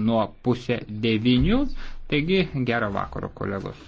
nuo pusė devinių. Taigi gerą vakarą, kolegos.